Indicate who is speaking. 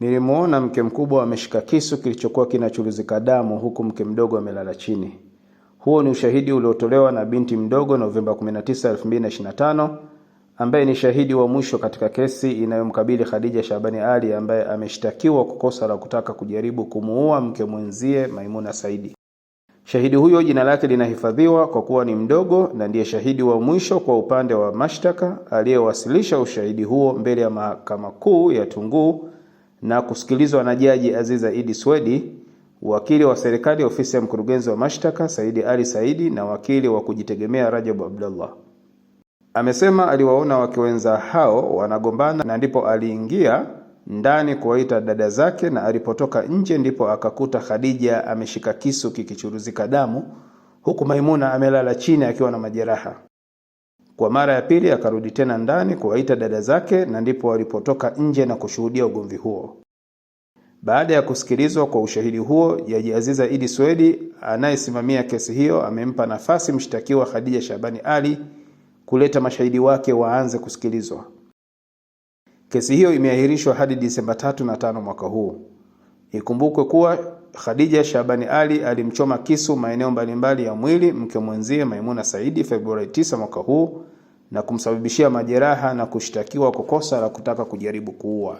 Speaker 1: Nilimuona mke mkubwa ameshika kisu kilichokuwa kinachuruzika damu huku mke mdogo amelala chini. Huo ni ushahidi uliotolewa na binti mdogo Novemba 19, 2025 ambaye ni shahidi wa mwisho katika kesi inayomkabili Khadija Shabani Ali ambaye ameshtakiwa kwa kosa la kutaka kujaribu kumuua mke mwenzie Maimuna Saidi. Shahidi huyo jina lake linahifadhiwa kwa kuwa ni mdogo na ndiye shahidi wa mwisho kwa upande wa mashtaka aliyewasilisha ushahidi huo mbele ya Mahakama Kuu ya Tunguu na kusikilizwa na Jaji Aziza Idi Swedi, wakili wa serikali ofisi ya mkurugenzi wa mashtaka Saidi Ali Saidi na wakili wa kujitegemea Rajabu Abdullah. Amesema aliwaona wake wenza hao wanagombana na ndipo aliingia ndani kuwaita dada zake na alipotoka nje ndipo akakuta Khadija ameshika kisu kikichuruzika damu huku Maimuna amelala chini akiwa na majeraha. Kwa mara ya pili akarudi tena ndani kuwaita dada zake na ndipo walipotoka nje na kushuhudia ugomvi huo. Baada ya kusikilizwa kwa ushahidi huo, Jaji Aziza Idi Swedi anayesimamia kesi hiyo amempa nafasi mshtakiwa Khadija Shabani Ali kuleta mashahidi wake waanze kusikilizwa. Kesi hiyo imeahirishwa hadi Disemba tatu na tano mwaka huu. Ikumbukwe kuwa Khadija Shabani Ali alimchoma kisu maeneo mbalimbali ya mwili mke mwenzie Maimuna Saidi Februari 9 mwaka huu na kumsababishia majeraha na kushtakiwa kwa kosa la kutaka kujaribu kuua.